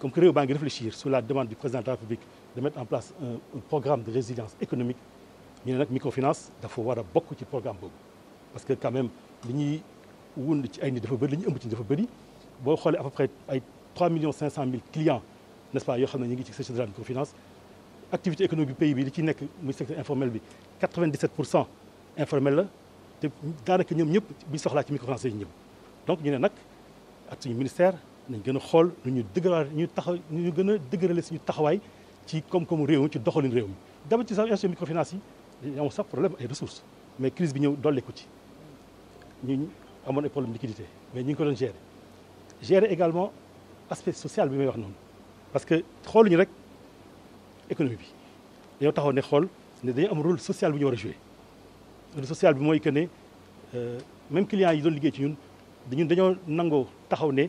comme que Réobank réfléchir sur la demande du président de la République de mettre en place un, programme de résilience économique il ne nag microfinance dafa war a ci programme parce que quand même il y a ci gens qui dafa bëri li ñu ci à peu près 3 500 000 clients n'est-ce pas qui ont ne secteur de la microfinance l'activité économique du pays bi li ci secteur informel bi 97 informelle. informel la à daanaka ñoom bu microfinance donc ñu y ministère nañ gën a xool nu ñu dëgëral ñu taxaw ñu gën a dëgërale suñu taxawaay ci koom-koomu réew ci doxalin réew mi d'abord ci sax institution microfinance yi dañu amoon sax problème ay ressources mais crise bi ñëw dolli ko ci ñu amoon ay problème liquidité mais ñu ngi ko doon gérer gérer également aspect social bi may wax noonu parce que xooluñu rek économie bi dañoo taxaw ne xool ne dañu am rôle social bu ñu war a jouer rôle social bi mooy que ne euh, même client yi doon liggéey ci ñun dañu dañoo nangoo taxaw ne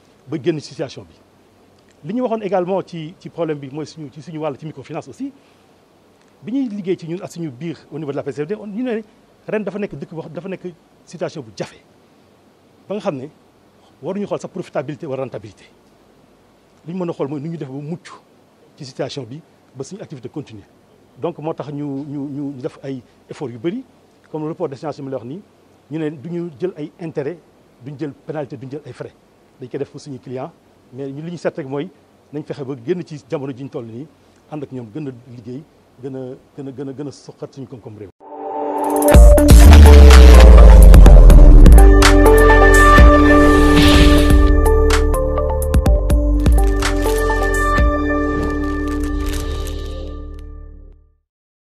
ba génn situation bi li ñu waxoon également ci ci problème bi mooy suñu ci suñu wàll ci microfinance aussi bi ñuy liggéey ci ñun ak suñu biir au niveau de la PCD ñu ne ren dafa nekk dëkk wax dafa nekk situation bu jafe ba nga xam ne waruñu xool sa profitabilité wala rentabilité li ñu mën a xool mooy nu ñu def ba mucc ci situation bi ba suñu activité continue donc moo tax ñu ñu ñu def ay effort yu bëri comme le report d'échéance mi la wax nii ñu ne duñu jël ay intérêt duñu jël pénalité duñu jël ay frais dañ def pour client mais ñu li ñu seet rek mooy nañ fexe ba génn ci jamono toll ak